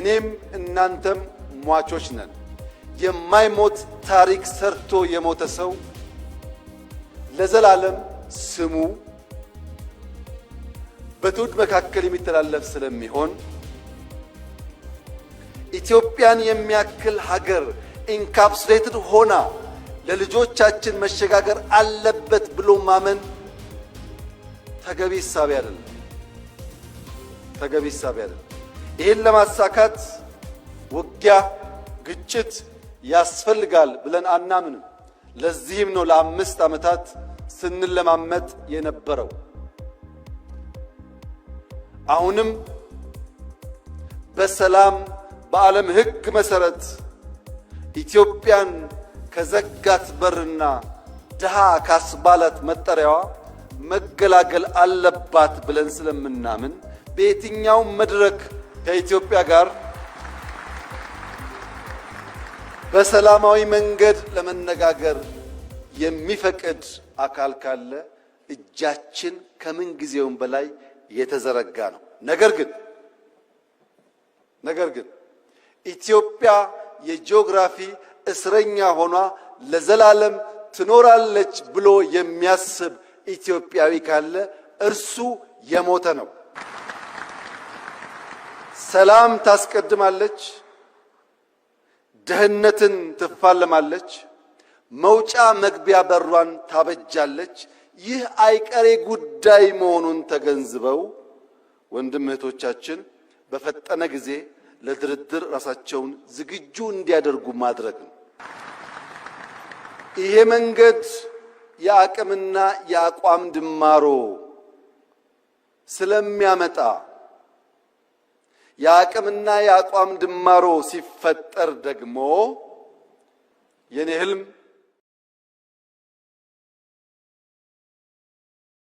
እኔም እናንተም ሟቾች ነን። የማይሞት ታሪክ ሰርቶ የሞተ ሰው ለዘላለም ስሙ በትውልድ መካከል የሚተላለፍ ስለሚሆን ኢትዮጵያን የሚያክል ሀገር ኢንካፕሱሌትድ ሆና ለልጆቻችን መሸጋገር አለበት ብሎ ማመን ተገቢ ሳቢ አይደለም። ተገቢ ሳቢ አይደለም። ይህን ለማሳካት ውጊያ፣ ግጭት ያስፈልጋል ብለን አናምንም። ለዚህም ነው ለአምስት ዓመታት ስንለማመጥ የነበረው። አሁንም በሰላም በዓለም ሕግ መሰረት ኢትዮጵያን ከዘጋት በርና ድሃ ካስባላት መጠሪያዋ መገላገል አለባት ብለን ስለምናምን በየትኛውም መድረክ ከኢትዮጵያ ጋር በሰላማዊ መንገድ ለመነጋገር የሚፈቅድ አካል ካለ እጃችን ከምን ጊዜውም በላይ የተዘረጋ ነው። ነገር ግን ነገር ግን ኢትዮጵያ የጂኦግራፊ እስረኛ ሆኗ ለዘላለም ትኖራለች ብሎ የሚያስብ ኢትዮጵያዊ ካለ እርሱ የሞተ ነው። ሰላም ታስቀድማለች፣ ደህንነትን ትፋለማለች፣ መውጫ መግቢያ በሯን ታበጃለች። ይህ አይቀሬ ጉዳይ መሆኑን ተገንዝበው ወንድም እህቶቻችን በፈጠነ ጊዜ ለድርድር ራሳቸውን ዝግጁ እንዲያደርጉ ማድረግ ነው። ይሄ መንገድ የአቅምና የአቋም ድማሮ ስለሚያመጣ የአቅምና የአቋም ድማሮ ሲፈጠር ደግሞ የኔ ህልም